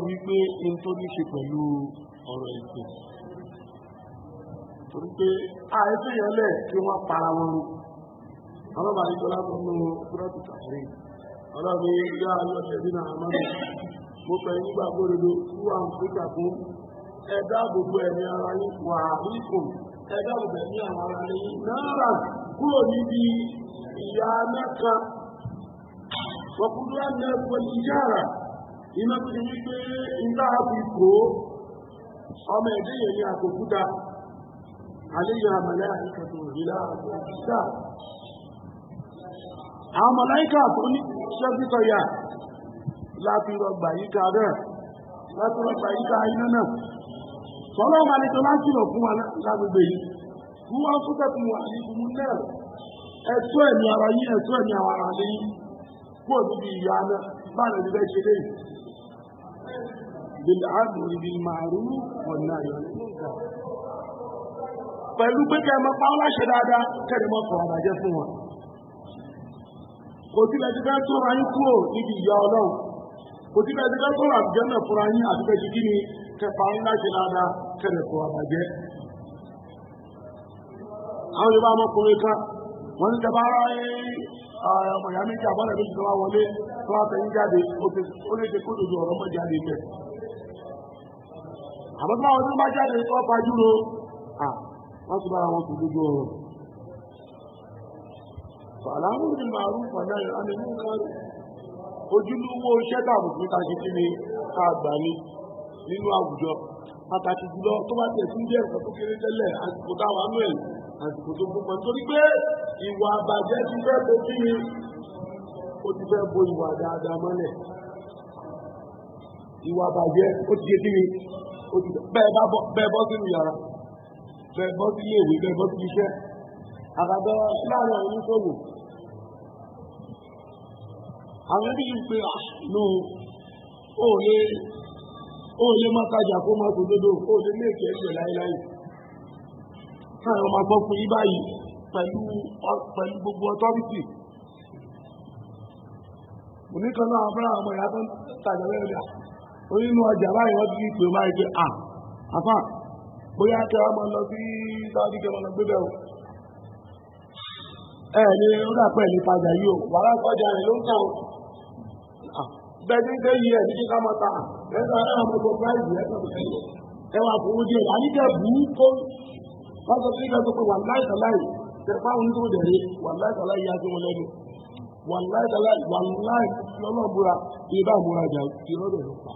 wípé n tó ní ṣe torí pé kí para wọn ní tó ọlọ́run yá ayọ́ṣẹ́ nínú àmọ́nà mo fẹ́ nígbà gbódodo tí ọmọ ẹ̀dẹ́ yẹn ní àkókúta àléyà mẹ́lẹ́ àìkàtò ìlà àkókúta àwọn mọ̀láìkà tó ní ṣẹ́bítọ̀yà láti rọgbà yíká náà láti rọgbà yíká iná náà sọ́lọ́ ní tó láti rọ̀ fún wa lágbègbè yìí fún wa fún tẹ̀kùn ní náà ẹ̀tọ́ ẹ̀mí ara yín ẹ̀tọ́ ẹ̀mí ara ní kó níbi ìyá náà bá lè rí bẹ́ẹ̀ ṣe lé bil amri bil ma'ruf wan nahy pẹ̀lú pé kẹ́ ẹ mọ́ láṣẹ dáadáa kẹ́ ẹ mọ́ kò sí lẹ́ti fẹ́ tó ra yín kúrò níbi ìyá ọlọ́run kò sí lẹ́ti fẹ́ tó ra àbújẹ́mẹ̀ fúnra yín àti fẹ́ jíjí ni kẹfà ń láṣẹ dáadáa kẹlẹ̀ fún àbàjẹ́. àwọn yorùbá ọmọkùnrin kan wọ́n ní tẹ́bá ara ẹ ọmọ ìyá méjì àbọ̀lẹ̀ méjì tó wá wọlé tó wá fẹ́yìn jáde ó lè ṣe kó dodo ọ̀rọ̀ mọ́ jáde bẹ̀. àbọ̀tún àwọn tó bá jáde kọ́ fajúro wọ́n ti bára wọn kò dodo ọ̀rọ̀ fàlàmù ní màrún fàdá ìrànlẹ̀ mú ojúlówó iṣẹ́ tàbùkù ta ṣe kíni nínú àwùjọ pàtàkì jùlọ tó bá tẹ̀ sí jẹ́ nǹkan kéré tẹ́lẹ̀ àsìkò táwa nù ẹ̀ àsìkò tó gbogbo nítorí pé ìwà àbàjẹ́ ti fẹ́ bo kí ni ó ti fẹ́ bo ìwà dáadáa mọ́lẹ̀ ìwà àbàjẹ́ ó ti ṣe kí ni bẹ́ẹ̀ bọ́ sínú yàrá bẹ́ẹ̀ bọ́ sílé ìwé bẹ́ẹ̀ bọ́ síbi iṣẹ́ àgbàdo láàrin àwọn oníṣòwò àwọn ẹbí yìí pé àṣìlò ah, òòlé òòlé mọ́kájà kó má tó dódó òòlé méèkì ẹ̀ṣẹ̀ láíláì káàrọ̀ máa gbọ́ fún yí báyìí pẹ̀lú gbogbo ọtọ́rìtì oníkan náà abúlé àwọn ọmọ ìyá tó ń tàjà lẹ́yìn rẹ̀ ah, onínú ọjà báyìí wọ́n ti fi pè máa jẹ à àfà bóyá kí wọ́n máa lọ sí sáwọ́dí kí wọ́n lọ gbé bẹ́ẹ̀ o ẹ̀ ní ó dà pẹ̀lú ìtajà yìí o wàhálà ọjà rẹ̀ ló ń kàn bẹ̀rẹ̀ ṣe yí ẹ̀ ní kámọ́ta ẹ̀ka náà mo gbọ́ báyìí ẹ̀ka tó ṣe ẹ wà fún ojú ẹ̀ àníkẹ́ bù ú tó wọ́n sọ sí ìgbàgbọ́ pé wà láì tàláì tẹ̀fá òní tó dẹ̀rẹ̀ wà láì tàláì yá sí wọn lẹ́nu wà láì tàláì wà láì lọ́lọ́ búra ibà búra jà ìrọ́lẹ̀ ló pa.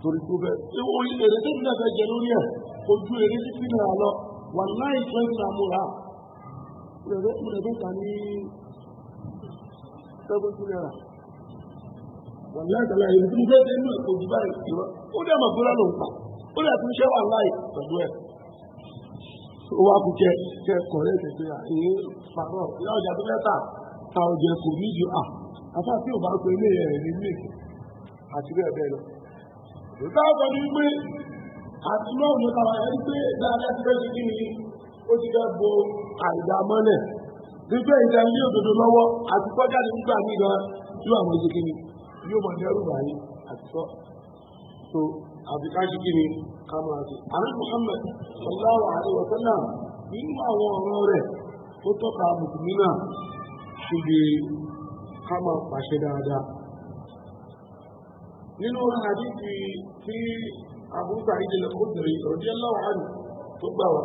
torí tó bẹ́ẹ̀ ewu èrè tó fi náà jẹ lórí ẹ̀ ojú èrè tó fi náà lọ wà láì tẹ́ ní àmúra rẹ̀ rẹ̀ tó ta ní seventy wọn láti láyé ibi tí mo fẹ́ dé inú ẹ̀kọ́ jù báyìí ìwọ ó dẹ̀ mọ̀ pé lọ́nà òǹkà ó dẹ̀ tún ṣẹ́ wà láì pẹ̀lú ẹ̀ ó wá kú kẹ kẹ kọ̀rẹ́ tẹ̀sí ta ọjà kò ní ju à ah, àfa tí ò bá pe ilé ẹ̀ ní mílíkì àti bẹ́ẹ̀ bẹ́ẹ̀ lọ. ìgbà ọkọ̀ ni pé lọ́wọ́ àti kọjá ní gbà mí gan yóò àwọn ìṣe kí ni yóò máa dẹ́rù báyìí àti sọ so àbíkáṣí kí ni ká máa ṣe àrùn Muhammad sallallahu alaihi wa sallam nínú àwọn ọ̀rọ̀ rẹ̀ tó tọ́ka mùsùlùmí náà síbi ká máa pàṣẹ dáadáa nínú hadithi tí Abu Sa'id al-Khudri radiyallahu anhu tó gbà wá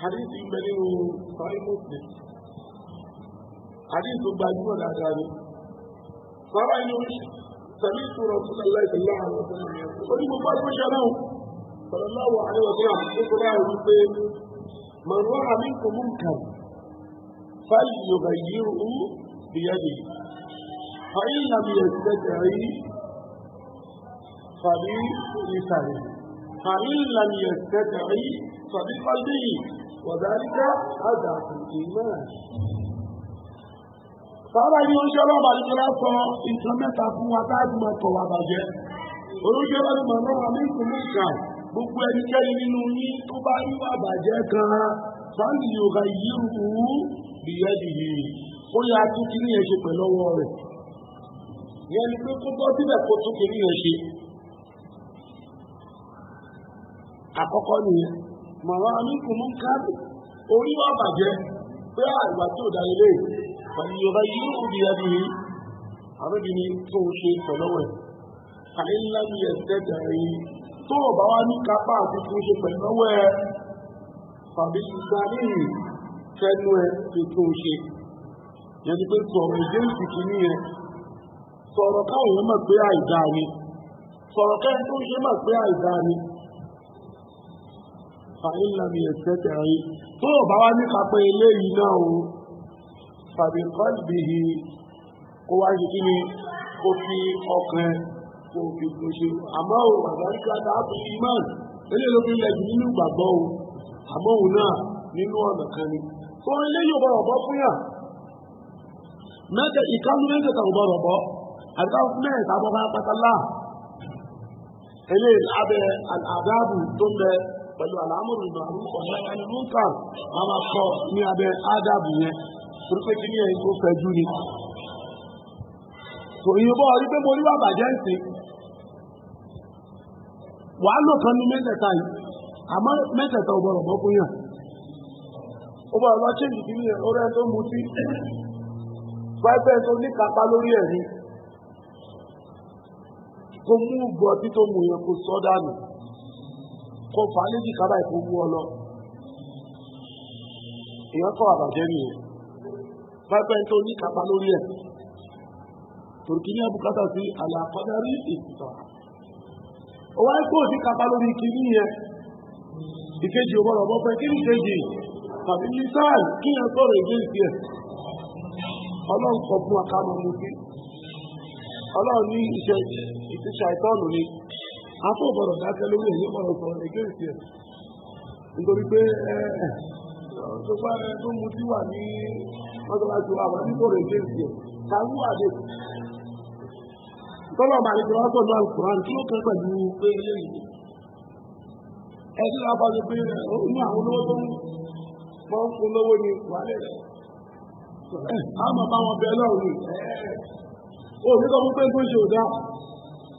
hadithi ń bẹ nínú Sahih Muslim hadithi gbajúmọ̀ dáadáa ni bàbá yìí wí sàmì ìtura ọ̀tún náà láì tẹ̀lé àwọn ọ̀tún náà yẹn ó ní gbogbo àti oṣù aláwọ̀ sọ̀rọ̀láwọ̀ àríwọ̀sán nítorí àwọn wípé màrúwá àmì kò nǹkan fáyì yorùbá yìí rú bìyànjú fàyì nàbì ẹ̀sìtẹ̀tẹ̀ rí fàbí nìsàrí fàyì nàbì ẹ̀sìtẹ̀tẹ̀ rí fàbí fàbí wàdálíkà àdàkùn ìmáà sábà ní oúnjẹ ọlọ́ọ̀bà nígbà sọ nǹkan mẹ́ta fún wa táàbù máa tọ̀ wá bàjẹ́ oúnjẹ ọlọ́ọ̀bà náà wà ní ìkùnú ìkà gbogbo ẹnikẹ́ni nínú yín tó bá ní wà bàjẹ́ kan sáǹdì yorùbá yìí rú bìyẹ́dìyẹ ó yà á tún kíní ṣe pẹ̀lú ọwọ́ rẹ̀ yẹn ni pé kó bọ́ síbẹ̀ kó tún kíní yẹn ṣe àkọ́kọ́ nìyẹn màmá mi kò mú orí wà bàjẹ́ pé àgbà tó dá ilé yìí فليغيره بيده عربني توشي فلوه فإن لم يستدعي توبة ونكفى بتوشي فلوه فبالسانه كانوا بتوشي يعني بالصورة جنس كمية صورة كان يما بيع داني صورة كان توشي ما بيع داني فإن لم يستدعي توبة ونكفى إليه نعم fàbíkọ́lìbìhì kó wá ṣe kí ni kó fi ọkàn kó fi tó ṣe àmọ́ ò àgbáríkà dáàbò imán eléyìí ló fi lẹ̀ jù nínú ìgbàgbọ́ o àmọ́ òun náà nínú ọ̀nà kan ni tó eléyìí ò bọ̀rọ̀ bọ́ fún yà mẹ́tẹ ìkánú mẹ́tẹ̀ẹ̀ta ò bọ̀rọ̀ bọ́ àti káwọn mẹ́ẹ̀ta bọ́ bá pátálà eléyìí abẹ́ àdáàbò tó ń bẹ pẹ̀lú àlámọ̀rùn-ún àwọn ọ̀nà ẹni mú torípé kí ní ẹni tó fẹjú ni kò yìnbọn rí pé mo rí wà bàjẹ́ ń sìn wàá lò kan ní mẹ́tẹ̀ẹ̀ta yìí àmọ́ mẹ́tẹ̀ẹ̀ta ò bọ̀rọ̀ mọ́ fún yàn ó bọ̀rọ̀ lọ ṣéǹjì kí ní ọ̀rẹ́ tó mu sí pẹ́pẹ́ tó ní kápá lórí ẹ̀ ni kó mú gbọ́ tí tó mú yẹn kó sọ dànù kó fà á léjì kábàá ìkó mú ọ àbàjẹ́ nìyẹn. báyìí tó ní kápá lórí ẹ̀ tòrìkì ní àbùkátà sí àlàkọ́dárí ìtìtọ̀ ó wá ń kó òsì kápá lórí kìíní yẹn ìkejì ọgbọ́n ọgbọ́n pẹ́ kí ní kejì tàbí ní kí ìsì ẹ̀ ọlọ́run fún akáàmù ọlọ́run ní iṣẹ́ afọ dákẹ́ lórí ẹ̀ ẹ̀ wọ́n bá ti wá àwọn ẹni tó rẹ̀ jẹ́ ìsìn tàbí àdé tọ́lọ̀ bá ní tọ́lọ́ tọ́lọ́ alukuran tí ó kẹ́ pẹ̀lú pé ilé yìí ẹni náà bá ti pé ní àwọn olówó tó ń pọ́ fún lówó ní ìwálẹ̀ rẹ̀ a máa bá wọn bẹ lọ́rùn ni ó ní kọ́ fún pé tó ṣe ò dá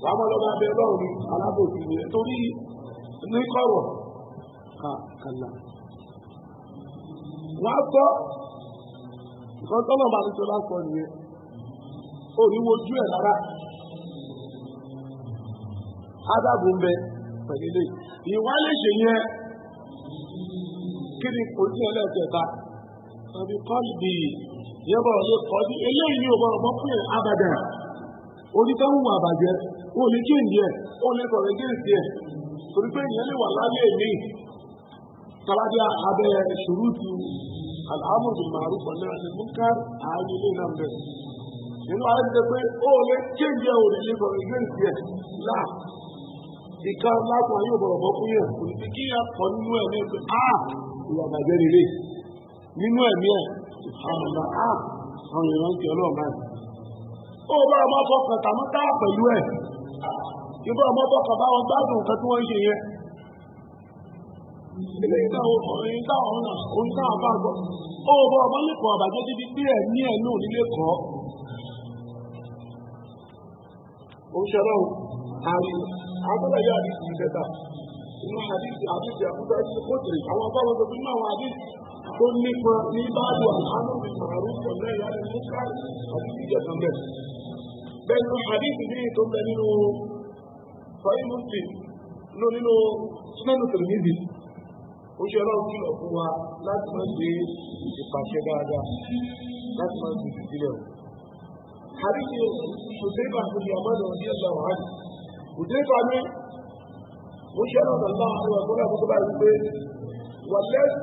wàá máa lọ bá bẹ lọ́rùn ni alábòsí ni torí ní kọ̀rọ̀ kàkàlà wàá tọ́ because ọlọ́run àlejò bá sọ nìyẹn òrìwò ojú ẹ̀ rárá ádàbò ń bẹ pẹ̀lú ilé ìwà lè ṣe yẹn kí ni kò ní ẹlẹ́ẹ̀kẹta tàbí kọ́lìbì yẹn bọ̀ lè kọ́ ní eléyìí ò bọ̀rọ̀ mọ́ fún ẹ̀ abàdà onítẹ̀hùn àbàjẹ́ wọn ò ní kí ìdí torí pé ìyẹn lè ti àmọ́ bí màrú pọ̀ náà ni mú ká ààyè ilé náà bẹ̀rẹ̀. nínú àwọn ẹgbẹ́ pé ó lè kéde àwọn òrìlé bọ̀ ìgbé ìgbé ẹ̀ láà ìka lápò ayé òbọ̀rọ̀ bọ́ fún yẹn kò ní kí akọ nínú ẹ̀ ní pé a ìwà bàjẹ́ nílé nínú ẹ̀mí ẹ̀ àmàlà a àwọn èèyàn ń kí ọlọ́run náà. ó bá ọmọ fọkàn tàmú tá pẹ̀lú ẹ̀ ìbá ọmọ fọkàn bá wọn ilé ìta orin táwọn náà orin táwọn bá gbọ́ ó bọ́ ọmọ lẹ́kọ̀ọ́ àbàjẹ́ débi pé ẹ̀ ní ẹ̀ náà nílé kọ́. ó ń ṣẹlẹ̀ o àrí agbọ́dọ̀ yá àdìsí ìfẹ́ta inú àdìsí àdìsí àbúgbà ìṣe kóòtù àwọn ọgbàwọn tó fi mú àwọn àdìsí tó nípa ní báàlù àlánà mi sàrú pẹ̀lú ẹ̀yà rẹ̀ mú káàdì àdìsí ìjẹta mẹ́ bẹ́ẹ̀ àdìsí ní ìtọ́ bẹ nínú fáyímùsì nínú sinanu tẹlifíṣì ó ṣe ọlọ́run kìlọ̀ fún wa láti máa ṣe ìpàṣẹ dáadáa láti máa ṣe ìdílẹ̀ o. àdìsí òṣèlú àti àmọ́nà ní ẹ̀sà wàhálì òṣèlú àmì ó ṣe ọlọ́run àlá àti ọ̀gbọ́n àkókò bá rí pé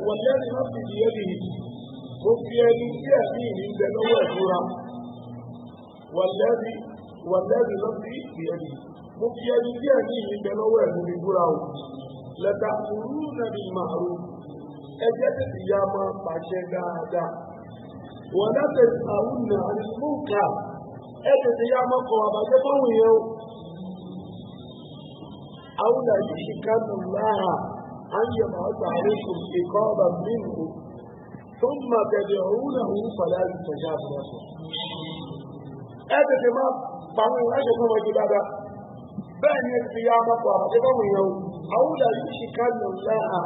wọ̀lẹ́rì náà fi di ẹni mo fi ẹni tí ẹ̀mí mi ń bẹ lọ́wọ́ ìdúrà wọ̀lẹ́rì wọ̀lẹ́rì náà fi di ẹni mo fi ẹni tí ẹ̀mí mi ń bẹ lọ́wọ́ ìdúrà o lẹ́tà òru nàbí màrú ẹjẹ́ tètè ya máa pàṣẹ dáadáa wọ́n láti àwọn nà àdìmúkà ẹ tètè ya máa kọ̀ àbájẹ́ fáwọn èèyàn àwọn àyè ìkànnì lára àyè máa gbà àríkù ìkọ́ ọ̀bà mímu ثم تدعونه فلا يستجاب لكم ẹ̀ẹ́dẹ̀ tẹ̀ máa pàwọn ìwáṣẹ̀ fún ọjọ́ dáadáa bẹ́ẹ̀ ni ẹ̀ ti ya ọmọ pọ̀ àbájẹ́ fáwọn èèyàn àwùjọ yìí ṣe káyọ̀ láà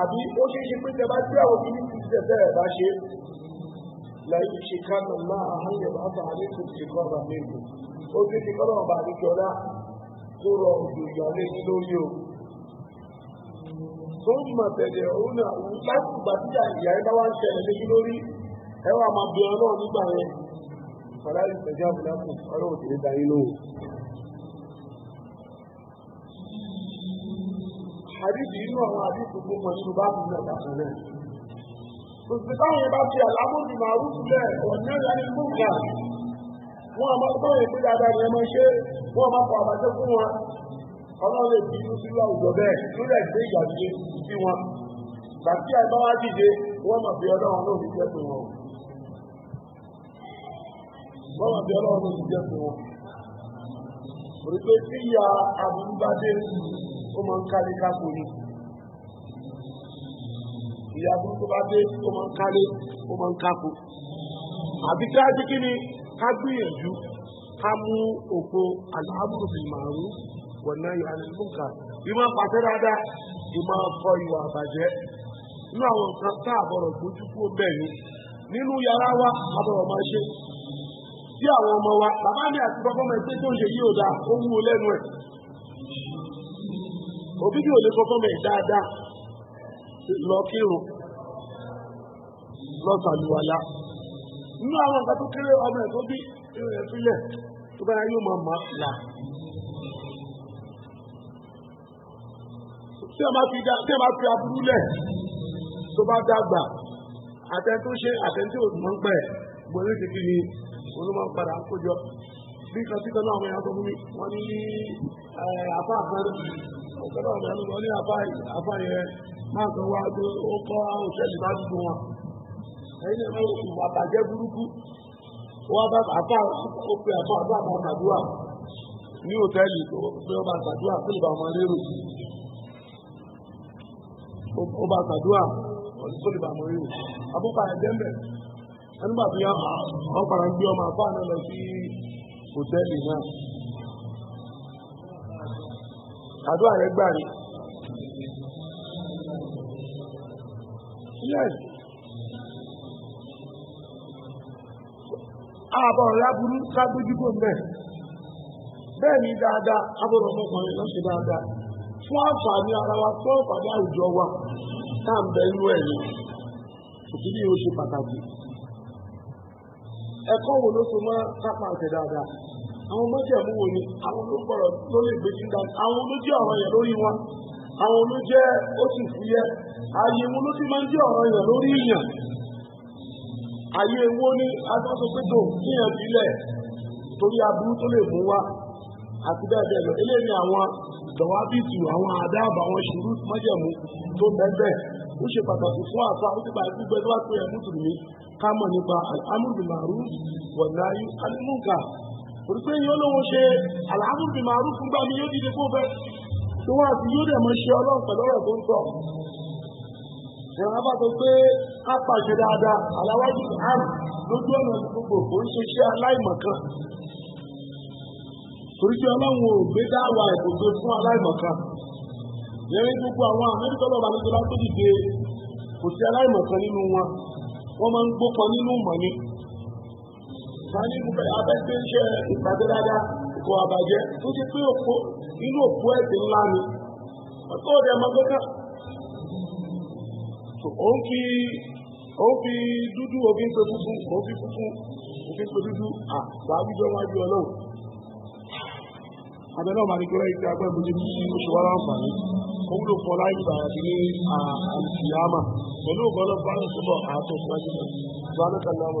àbí ó ṣe é ṣe pé tẹ bá gbé àwọn kìíní ti ṣe bẹ́ẹ̀ bá ṣe lẹ́yìn ṣe káyọ̀ láà àhányẹ̀ bá fà á lẹ́kùn ti kọ́ ọ̀rọ̀ méjì ó ti fi kọ́ ọ̀rọ̀ bàbí jọlá tó rọ òjò ìyàlẹ́ yìí lórí o. tó ń mọ̀ tẹ̀lé òun náà láti ìgbà tí ìyá ẹ bá wá ń ṣẹlẹ̀ lójú lórí ẹ máa bí ọlọ́run nígbà yẹn. àdìsí inú àwọn àdìsí tó mọ̀ nínú bá ti mẹ́ta sọ̀rọ̀. Òṣìṣẹ́ táwọn bá fi àlámọ́dì máa rú sílẹ̀ ọ̀nà ìlànà ìlú ìgbà. Wọ́n a máa tọ́yìn pé dáadáa ni ẹ máa ṣe, wọ́n a máa kọ àbájẹ́ fún wọn. Ọlọ́run lè bí inú sílú àwùjọ bẹ́ẹ̀ ló lè gbé ìyàdíje sí wọn. Gbàtí àìbá wá dìde, wọ́n mọ̀ bí ọlọ́run ló fi jẹ́ fún wọn. Wọ́n mọ̀ bí ọlọ́run ló fi jẹ́ fún wọn. Òrùkẹ́ sí ìyá àbúrú bá dé sí ó máa ń kárí káko ni ìyá burúkú bá dé ó máa ń kárí ó máa ń káko àbí ká ṣe kí ni ká gbìyànjú ká mú òpó aláàbùrù bíi màrún wọ̀nà ìhànìmúkà ìmọ̀ pàṣẹ dáadáa ìmọ̀ ọkọ̀ ìwà àbàjẹ́ nínú àwọn nǹkan tá àbọ̀rọ̀ gbójú kúrò bẹ́ẹ̀ ni nínú yàrá wa àbọ̀rọ̀ máa ṣe bí àwọn ọmọ wa bàbá mi àti bàbá mi ẹgbẹ́ tó ń ṣe yí dáa ó wú lẹ́nu ẹ̀ òbí bí ò lè sọ fọ́mọ̀ ẹ̀ dáadáa lọ kírun lọ sàlùwàlá nínú àwọn nǹkan tó kéré ọmọ ẹ̀ tó bí irun ẹ̀ sílẹ̀ tó bá yóò máa máa là tí a bá fi aburú lẹ̀ tó bá dàgbà àtẹ̀tò ṣe àtẹ̀tò òdùmọ̀ ń pẹ̀ gbọ́dọ̀ ti kiri olúmọ̀ padà kójọ bí kan sí kan náà àwọn èèyàn fún mi wọ́n ní àfáà kan ọ̀sẹ̀ náà rẹ̀ lọ ní àbáyé àbáyé máa kan wá pé ó kọ́ òṣèlú bá dúdú wọn ẹ̀yìn burúkú wọ́n bá bàbá ó pe àbá àdúrà ní pé ọmọ lérò ọmọ lérò àbúkà ẹ̀jẹ̀ ń bẹ̀ bàbá gbé ọmọ lọ sí náà. àdúrà rẹ gbà ní. yes àbọ̀ ọ̀rẹ́ aburú kábíjúgbò mme, bẹ́ẹ̀ ni dáadáa abúrò ọmọkùnrin lọ́sẹ̀ dáadáa fún àǹfààní ara wa fún àǹfààní àwùjọ wa tá à ń bẹ inú ẹ̀yìn òkìlì yóò ṣe pàtàkì ẹ̀kọ́ wo ló so kápá àwọn olójẹ̀mú wo ni àwọn olóògbọ̀rọ̀ ló lè gbé sí dáadáa àwọn olójẹ́ ọ̀rọ̀ yẹn lórí wọn àwọn olójẹ́ ó sì fúyẹ́ ààyè wo ló ti máa ń jẹ́ ọ̀rọ̀ yẹn lórí ìyàn ààyè wo ni adájọ́ pé sílẹ̀ torí aburú tó lè mú wá àti bẹ́ẹ̀ bẹ́ẹ̀ lọ eléyìí ni àwọn dọ̀wábìtì àwọn àdáàbà àwọn ṣùrù májẹ̀mú tó bẹ́ẹ̀ ó ṣe pàtàkì fún àfa ó ti bá gbígbẹ́ tó wá pé ká mọ̀ nípa àmúdùmàrú wọ̀nàyí alimúkà torí pé yóò ṣe àlàáfù bí màálù fún gbà mí yóò dìde kó fẹ́ tó wá sí yóò dẹ̀ mọ́ ṣe ọlọ́run pẹ̀lú ọ̀rọ̀ tó ń sọ. ìrànlá bá sọ pé ká pàṣẹ dáadáa aláwájú àrùn lójú ọ̀nà gbogbo kò aláìmọ̀kan. ọlọ́run ò gbé dáwà nínú wọn wọ́n máa ń nínú mọ̀ sani ìmúfẹ́ abẹ́gbẹ́ iṣẹ́ ìpàdédáda ìkọ̀ àbàjẹ́ tó ti pé òpó inú òpó ẹ̀sìn ńlá ni ọ̀tọ́ òde ọmọgbẹ́ká òun fi òun fi dúdú òfin pé funfun òun fi funfun òfin pé dúdú àgbà gbígbọ́ wájú ọlọ́run abẹ́ náà máa ní kẹ́rẹ́ agbẹ́ ìbòjú tí ó ṣe wá láǹfààní ó wúlò fún ọlá ìgbà àti ní àìsíyámà pẹ̀lú ògbọ́n náà bá ń sọ́bọ̀ àtọ̀ síwájú náà bá